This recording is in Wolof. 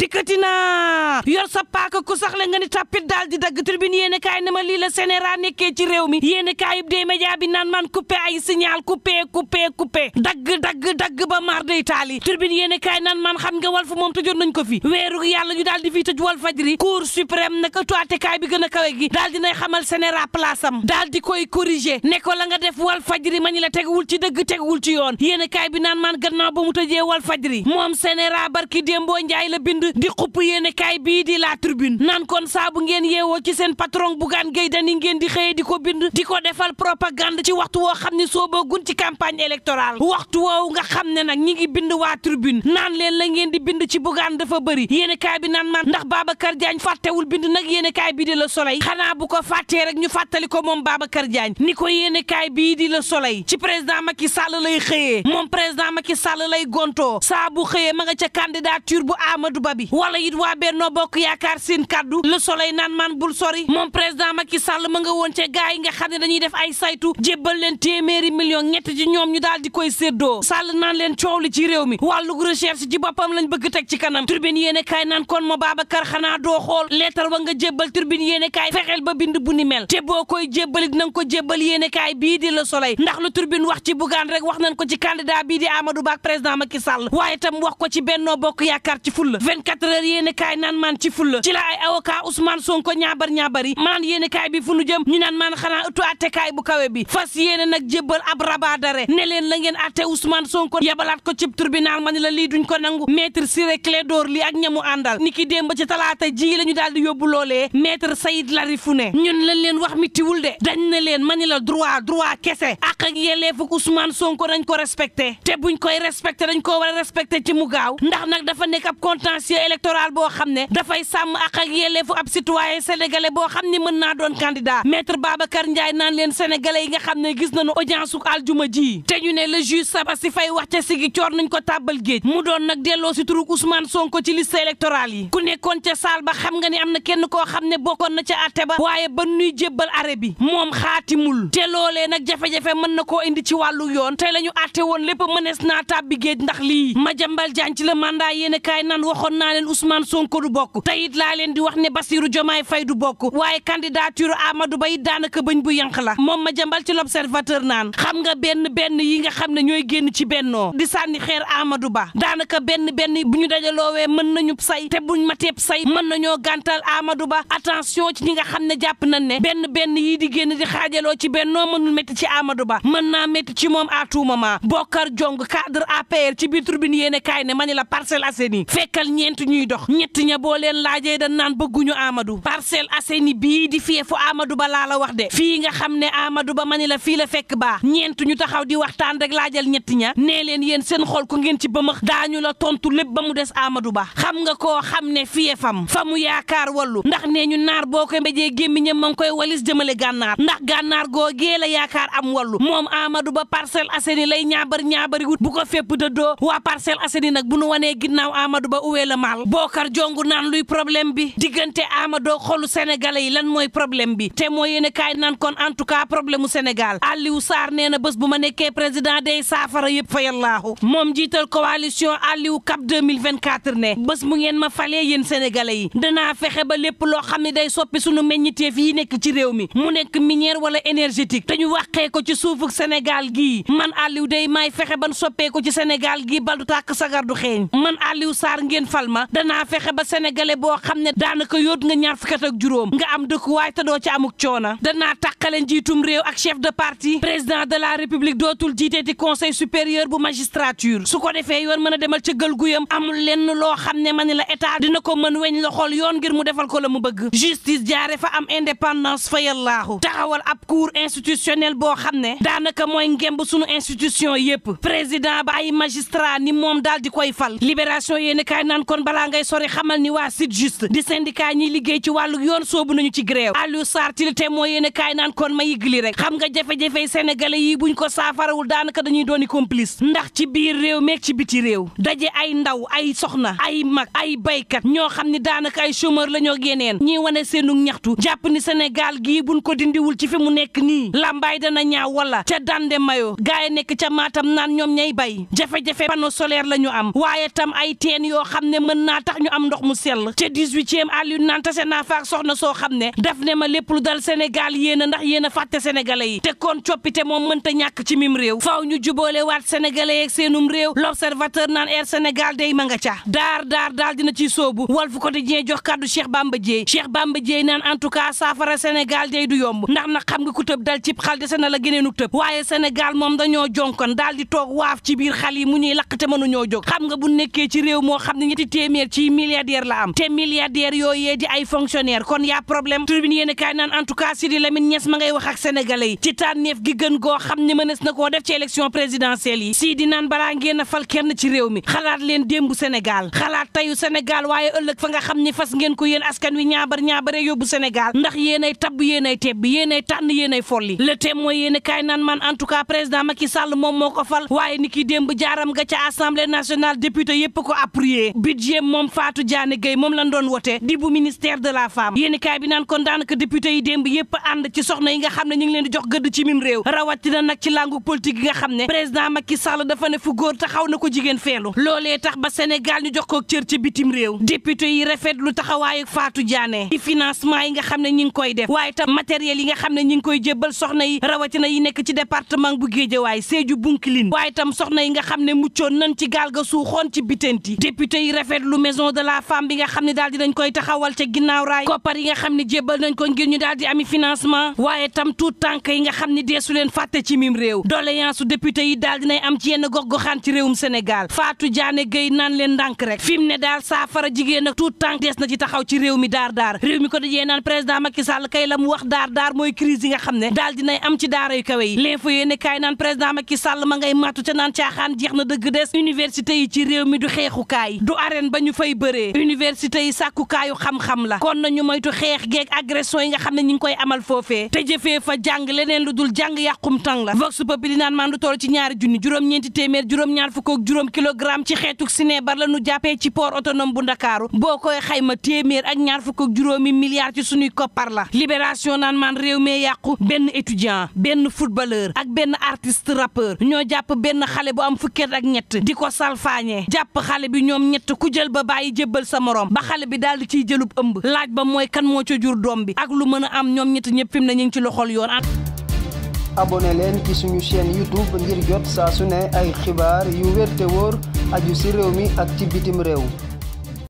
dikkati naa yor sa paaka ku saxle nga ni tàppit daal di dagg tribune yéen kaay ne ma lii la sénéra nekkee ci réew mi yéen kaayub dee média bi naan man coupé ay signal coupé coupé coupé dagg dagg dagg ba mar day taali tribune yéen kaay naan man xam nga wal Walf moom tëjoon nañ ko fi weeru yàlla ñu daal di fii tëj Walf Fadjri cour suprême naka tuatekaay bi gën a kawe gi daal dinay xamal sénéra place am daal di koy corriger ne la nga def Walf Fadjri ma ñu la teguwul ci dëgg wul ci yoon yéen kaay bi naan man gannaaw ba mu tëjee Walf Fadjri moom sénéra barki démboo njaay la bind di xupp yéene kaay bii di la tribune naan kon saa bu ngeen yeewoo ci seen patron Bougane Gueye Dany ngeen di xëye di ko bind di ko defal propagande ci waxtu woo xam ne soobagun ci campagne électorale waxtu woowu nga xam ne nag ñi ngi bind waa tribune naan leen la ngeen di bind ci Bougane dafa bëri yéene kaay bi naan man ndax Babacar Diagne fàttewul bind nag yéene kaay bii di Le Soleil xanaa bu ko fàttee rek ñu fàttali ko moom Babacar Diagne ni ko yéene kaay bii di Le Soleil ci président Macky Sall lay xëyee moom président Macky Sall lay gontoo saa bu xëyee ma nga ca candidature bu Amadou Ba bi wala it waa Benno Bokk Yaakaar seen kàddu Le Soleil naan man bul sori moom président makki Sall ma nga woon ca gaay yi nga xam ne dañuy def ay saytu jébbal leen téeméeri million ñett ji ñoom ñu daal di koy séddoo Sall naan leen coow li ci réew mi wàllug recherche ci boppam lañ bëgg teg ci kanam turbine yéene kaay naan kon ma ba Babacar xanaa doo xool leetar wa nga jébbal turbine yéene kaay fexeel ba bind bu ni mel te boo koy jébbalit na nga ko jébbal yéene bii di Le Soleil ndax lu turbine wax ci Bougane rek wax nañ ko ci candidat bii di Amadou Ba ak président Sall waaye tam wax ko ci Benno Bokk Yaakaar 24 heures yéen a kaay naan maan ci fulla ci la ay avocat Ousmane Sonko ñaabar ñaabar yi maan yéen a kaay bi fu nu jëm ñu naan maan xanaa ëttu attekaay bu kawe bi fas yéen nag jébbal ab rabat d'arrêt ne leen la ngeen atte Ousmane Sonko yabalaat ko cib tribunal ma ni la lii duñ ko nangu maître Ciré Clédor Ly ak ñamu àndal ni ki démb ci talaata ji la ñu daal di yóbbu loolee maître Saïd Larifouné ñun lañ leen wax mitiwul de dañ na leen ma ni la droit droit kese ak ak ko respecté te buñ ko war a respecté ci mu gaaw ndax fichier électoral boo xam ne dafay sàmm ak ak yelleefu ab citoyen sénégalais boo xam ni mën naa doon candidat maître Babacar Ndiaye naan leen sénégalais yi nga xam ne gis nañu audience uk aljuma ji te ñu ne le juge Sabassy Faye wax ca sigi coor nañ ko tàbbal géej mu doon nag delloo si turug son Sonko ci liste électorale yi ku nekkoon ca saal ba xam nga ni am na kenn koo xam ne bokkoon na ca atte ba waaye ba nuy jébbal arrêt bi moom xaatimul te loolee nag jafe-jafe na koo indi ci wàllu yoon te la ñu woon lépp mënees naa tàbbi géej ndax lii ma jambal jaan ci la mandat yéene kaay naa leen Ousmane Sonko du bokk te it laa leen di wax ne Bassirou Diomaye Faye du bokk waaye candidature Amadou Ba it daanaka bëñ bu yànq la moom ma jëmbal ci l'observateur naan xam nga benn benn yi nga xam ne ñooy génn ci bennoo di sànni xeer Amadou Ba daanaka benn benn bu ñu dajaloowee mën nañu say te buñ ma teeb say mën nañoo gàntal Amadou Ba attention ci ñi nga xam ne jàpp nañ ne benn benn yii di génn di xaajaloo ci bennoo mënul métti ci Amadou Ba mën naa métti ci moom à tout moment Bokar Jong cadre APR ci biir tribune yéene kaay ne ma la Parcelles Assainies fekkal ñeent ñuy dox ñett ña boo leen laajee dañ naan bëgguñu Amadou Parcelles Assainies bii di fiefu Amadou Ba laa la wax de fii nga xam ne Amadou Ba mani la fii la fekk baa ñeent ñu taxaw di waxtaan rek laajal ñetti ña nee leen yéen seen xol ko ngeen ci bëmëx daañu la tontu lépp ba mu des Amadou Ba xam nga koo xam ne fiefam fa mu yaakaar wallu ndax nee ñu naar boo ko mbéjee gémmiñam ma ngi koy walis jëmale gànnaar ndax gànnaar googee la yaakaar am wallu moom Amadou Ba Parcelles Assainies lay ñaabar ñaabari normal Bocar Diongue naan luy problème bi diggante Amadou xolu sénégalais yi lan mooy problème bi te mooy yéen a naan kon en tout cas problème mu Sénégal Aliou Sarr nee na bés bu ma nekkee président day saafara yëpp fa yallaahu moom jiital coalition Aliou CAP 2024 ne bës mu ngeen ma falee yéen sénégalais yi danaa fexe ba lépp loo xam ne day soppi sunu meññiteef yi nekk ci réew mi mu nekk minière wala énergétique te ñu waxee ko ci suufuk Sénégal gi man Aliou day may fexe ban soppee ci Sénégal gii bal du tàkk sagar du ma danaa fexe ba senegale boo xam ne daanaka yóot nga ñaar fukki at ak juróom nga am dëkkuwaay te doo ci amuk coona danaa tàqale njiitum réew ak chef de parti président de la république jiite jiiteeti conseil supérieur bu magistrature su ko defee yoon mën a demal ca gël guyam amul lenn loo xam ne man ni la état dina ko mën weñ loxol yoon ngir mu defal ko la mu bëgg justice jaare fa am indépendance fa yallaahu taxawal ab cour institutionnel boo xam ne daanaka mooy ngemb sunu institution yépp président ba ay magistrat ni moom daal di koy fal libération kon balaa ngay sori xamal ni waa site juste di syndicat ñiy liggéey ci wàllu yoon soobu nañu ci grève Aliou Sarr ci li te moo yéene kaay naan kon ma yigli rek xam nga jafe-jafey sénégalais yi buñ ko saafarawul daanaka dañuy dooni complice ndax ci biir réew meeg ci biti réew daje ay ndaw ay soxna ay mag ay baykat ñoo xam ni daanaka ay chômeur la ñoo génneen ñiy wane seenu ñaxtu jàpp ni Sénégal gii buñ ko dindiwul ci fi mu nekk nii lambaay dana ñaaw wala ca dande mayo gaa yi nekk ca maatam naan ñoom ñay bay jafe-jafe panneau solaire la ñu mën naa tax ñu am ndox mu sell ca dix-huitième Alioune naan tase naa faak soxna soo xam ne daf ne ma lépp lu dal Sénégal yéen a ndax yéen a fàtte sénégalais yi te kon coppite moom mënta ñàkk ci mim réew faaw ñu juboole waat sénégalais yeeg seenu réew l'observateur naan air Sénégal dey ma nga ca daar daar daal dina ci soobu Walf Quotidien jox kàddu Cheikh Bamba Dièye Cheikh Bamba Dièye naan en tout cas saafara Sénégal day du yomb ndax nag xam nga ku tëb dal cib xal dese na la géneenu tëb waaye moom dañoo jonkon daal di toog waaf ci biir xal yi mu ñuy lakk te mënuñoo jóg xam nga bu nekkee ci réew moo téeméer ci milliardaire la am te milliardaire yooyee di ay fonctionnaire kon yaa problème tribune yéen kaay naan en tout cas Sidi Lamine Niass ma ngay wax ak sénégalais yi ci tànneef gi gën goo xam ne mënees na koo def ci élection présidentielle yi Sidi naan balaa ngeen a fal kenn ci réew mi xalaat leen demb senegal xalaat teyu senegal waaye ëllëg fa nga xam ni fas ngeen ko yéen askan wi ñaabar ñaabare yóbbu Sénégal ndax yéenay tabb yéenay tebb yéenay tànn yéenay folli le thème mooy yéen kaay naan man en tout cas président Macky Sall moom moo ko fal ki démb jaaram ga ca assemblée nationale député jéem moom Fatou Diané Gueye moom lañ doon wote di bu ministère de la femme yéeni kaay bi naan kon daanaka député yi démb yépp ànd ci soxna yi nga xam ne ñu ngi leen di jox gëdd ci mim réew rawatina nag ci langu politique yi nga xam ne président Macky Sall dafa ne fu góor taxaw na ko jigéen feelu loolee tax ba Sénégal jox ko cër ci bitim réew député yi rafet lu taxawaayu Fatou Diané ci financement yi nga xam ne ñi ngi koy def waaye tam matériel yi nga xam ne ñi ngi koy jébbal soxna yi rawatina yi nekk ci département bu Guédiawaye Sédhiou Bounkiling waaye tam soxna yi nga xam ne muccoon nañ ci gaal ga suuxoon ci bitenti député yi rafet rafetlu maison de la femme bi nga xam ne daal nañ koy taxawal ca ginnaaw raay koppar nga xam ne jébbal nañ ko ngir ñu daal di ami financement waaye tam tuut tànk yi nga xam ne deesu leen fàtte ci mim réew doléance su député yi daal dinay am ci yenn gox goxaan ci réewum Sénégal Fatou Diané Gueye naan leen ndànk rek fi mu ne daal saafara jigéen ak tuut tànk dees na ci taxaw ci réew mi daar daar réew mi ko dajee naan président Macky Sall kay la mu wax daar daar mooy daal dinay am ci daara yu kawe yi l'info ma ngay matu ca naan caaxaan jeex na dëgg des université yi ci réew mi du xeexukaay arène ba ñu fay bëree université yi sàkkukaayu xam-xam la kon nañu moytu xeex geeg agression yi nga xam ne ñi ngi koy amal foofee te jëfee fa jàng leneen lu dul jàng yàqum tàng la vox populi naan maan lu toll ci ñaari junni juróom-ñeenti téeméer juróom-ñaar fukk ak juróom kilogramme ci xeetuk sinébar la nu jàppee ci port otonom bu ndakaaru boo koy xayma téeméer ak ñaar fukk ak juróomi milliards ci suñuy koppar la libération naan maan réew mee yàqu benn étudiant benn footballeur ak benn artiste rappeur ñoo jàpp benn xale bu am fukket ak ñett di ko salfaañee ku jël ba bàyyi jébbal sa moroom ba xale bi daal di ciy jëlub ëmb laaj ba mooy kan moo ca jur doom bi ak lu mën a am ñoom ñett ñëpp fi mu ñu ngi ci loxol yoon abonné leen ci suñu chaîne youtube ngir jot saa su ne ay xibaar yu wér te wóor aju si réew mi ak ci bitim réew